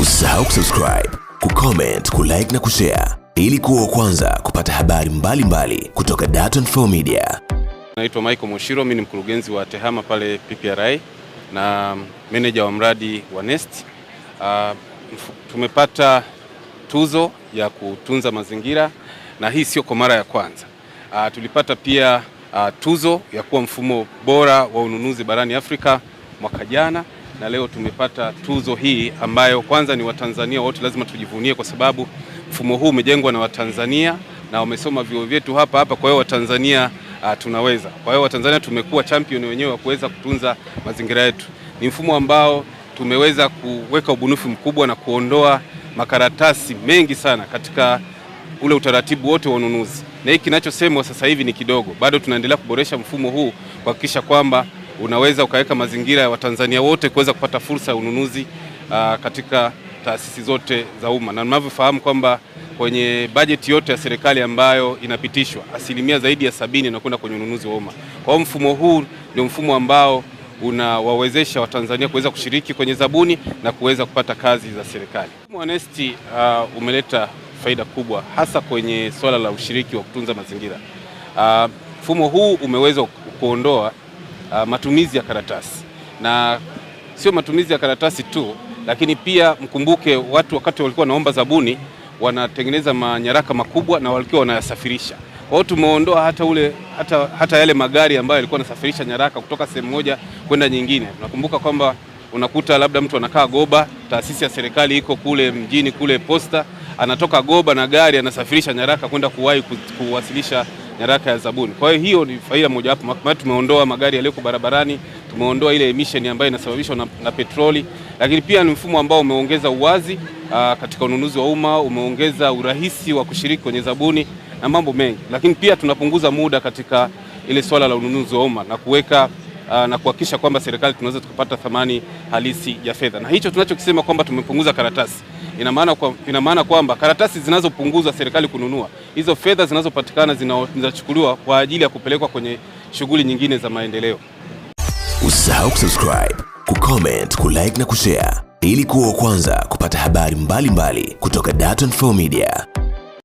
Usisahau kusubscribe, kucomment, kulike na kushare ili kuwa kwanza kupata habari mbalimbali mbali kutoka Dar24 Media. Naitwa Michael Moshiro, mimi ni mkurugenzi wa TEHAMA pale PPRI na meneja wa mradi wa NEST. Uh, tumepata tuzo ya kutunza mazingira na hii sio kwa mara ya kwanza. Uh, tulipata pia uh, tuzo ya kuwa mfumo bora wa ununuzi barani Afrika mwaka jana na leo tumepata tuzo hii ambayo kwanza ni Watanzania wote lazima tujivunie, kwa sababu mfumo huu umejengwa na Watanzania na wamesoma vyuo vyetu hapa hapa. Kwa hiyo Watanzania uh, tunaweza. Kwa hiyo Watanzania tumekuwa champion wenyewe wa kuweza kutunza mazingira yetu. Ni mfumo ambao tumeweza kuweka ubunifu mkubwa na kuondoa makaratasi mengi sana katika ule utaratibu wote wa ununuzi, na hiki kinachosemwa sasa hivi ni kidogo. Bado tunaendelea kuboresha mfumo huu kuhakikisha kwamba unaweza ukaweka mazingira ya Watanzania wote kuweza kupata fursa ya ununuzi uh, katika taasisi zote za umma, na mnavyofahamu kwamba kwenye bajeti yote ya serikali ambayo inapitishwa asilimia zaidi ya sabini inakwenda kwenye ununuzi wa umma. Kwa hiyo mfumo huu ndio mfumo ambao unawawezesha Watanzania kuweza kushiriki kwenye zabuni na kuweza kupata kazi za serikali. Mfumo wa NeST uh, umeleta faida kubwa hasa kwenye swala la ushiriki wa kutunza mazingira. Uh, mfumo uh, huu umeweza kuondoa uh, matumizi ya karatasi na sio matumizi ya karatasi tu, lakini pia mkumbuke watu wakati walikuwa wanaomba zabuni wanatengeneza manyaraka makubwa na walikuwa wanayasafirisha. Kwa hiyo tumeondoa hata ule hata, hata yale magari ambayo yalikuwa yanasafirisha nyaraka kutoka sehemu moja kwenda nyingine. nakumbuka kwamba unakuta labda mtu anakaa Goba, taasisi ya serikali iko kule mjini kule Posta, anatoka Goba na gari anasafirisha nyaraka kwenda kuwahi kuwasilisha nyaraka ya zabuni. Kwa hiyo hiyo ni faida mojawapo, tumeondoa magari yaliyoko barabarani, tumeondoa ile emission ambayo inasababishwa na, na petroli, lakini pia ni mfumo ambao umeongeza uwazi aa, ah, katika ununuzi wa umma, umeongeza urahisi wa kushiriki kwenye zabuni na mambo mengi, lakini pia tunapunguza muda katika ile swala la ununuzi wa umma na kuweka uh, na kuhakikisha kwamba serikali tunaweza tukapata thamani halisi ya fedha, na hicho tunachokisema kwamba tumepunguza karatasi ina maana kwa, ina maana kwamba karatasi zinazopunguzwa serikali kununua hizo fedha zinazopatikana zinachukuliwa kwa ajili ya kupelekwa kwenye shughuli nyingine za maendeleo. Usisahau kusubscribe, kucomment, kulike na kushare ili kuwa wa kwanza kupata habari mbalimbali mbali kutoka Dar24 Media.